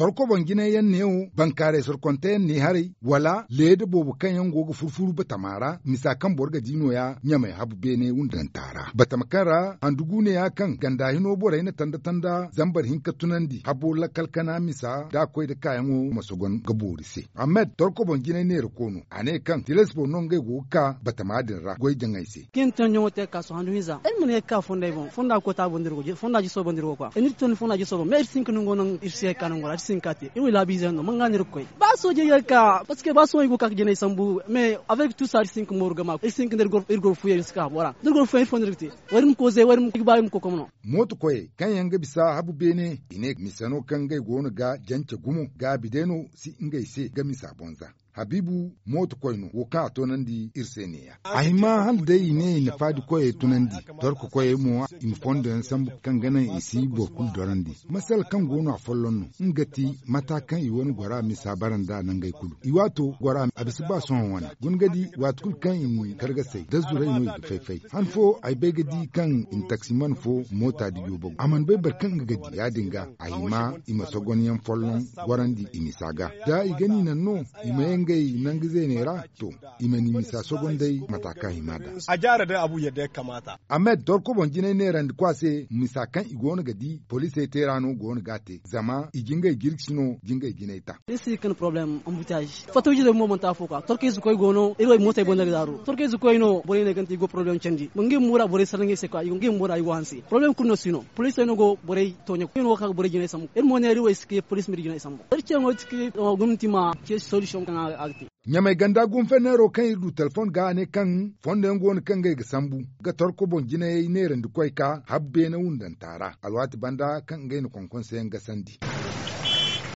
torko ban gine yan neu kare sur konten ni hari wala lede bobu kan yan gogo furfuru ba tamara misa kan borga dino ya nyame habu bene undan tara bata makara andugu ne ya kan ganda hino bora ina tanda tanda zambar hinka tunandi habu la kalkana misa da koy da kayan o masogon gabori se ahmed torko ban gine ne rukono ane kan tilespo bo nonge guka ba tamadin madin ra goy jangai se kin ton nyote ka so handu hiza en mun ka fonda bon fonda ko ta bon dirgo fonda ji so bon dirgo kwa en ton fonda ji so bon mer merci kun ngonon irse kanongora sin kate in wila bizen no manga nir koy ba so je ka parce que ba so yugo kak jene sambu mais avec tout ça sin ko morga ma sin kin der gor ir gor fuyer ska wara der gor fuyer fon rikti warim ko ze warim ki bayim ko komno motu koy kan yanga bisa habu bene ine misano kan gai gonu ga jance gumu ga bideno si ingai se ga bonza habibu moto koyno wo ka tonandi irseneya ahima hal dai ne na fadi koye tonandi dorko koye mo in fondo kangana isi bokul dorandi masal kan gonu a follonno ngati gati matakan iwon gwara mi sabaran da nan gai kudu i wato gwara a bisu ba son wani gun gadi wato kul kan in karga sai da zurai no faifai han fo ai bai gadi kan in taxi man fo mota di yobo aman bai bar kan gadi ya dinga ai ma i masogon yan follon gwaran di imisaga da i gani nan no i ma yan gai nan gize ne ra to i ma ni misa sogon dai mataka da a jara da abu yadda ya kamata ahmed dorko bon jinai ne rand kwase misakan i gona gadi police terano gona gate zama i jingai girkino gingai ginaita isi kan problem ambutage fatuji da moment afoka torke zu koy gono iroi mota bonda daru torke zu koy no bore ne ganti go problem chandi mungi mura bori sarange se ko ngi mura yugo hansi problem kunno sino police no go bore tonyo kun waka bore gine samu ir er mo ne riwai ske police mi gine samu irche er ngo tiki gumti ma ke solution kan agti nyamai ganda gun fenero kan irdu telefon ga ne kan fonde ngon kan ga sambu ga torko bon gine yi ne rendu koy ka habbe ne wundan tara alwati banda kan ga ni konkon sen ga sandi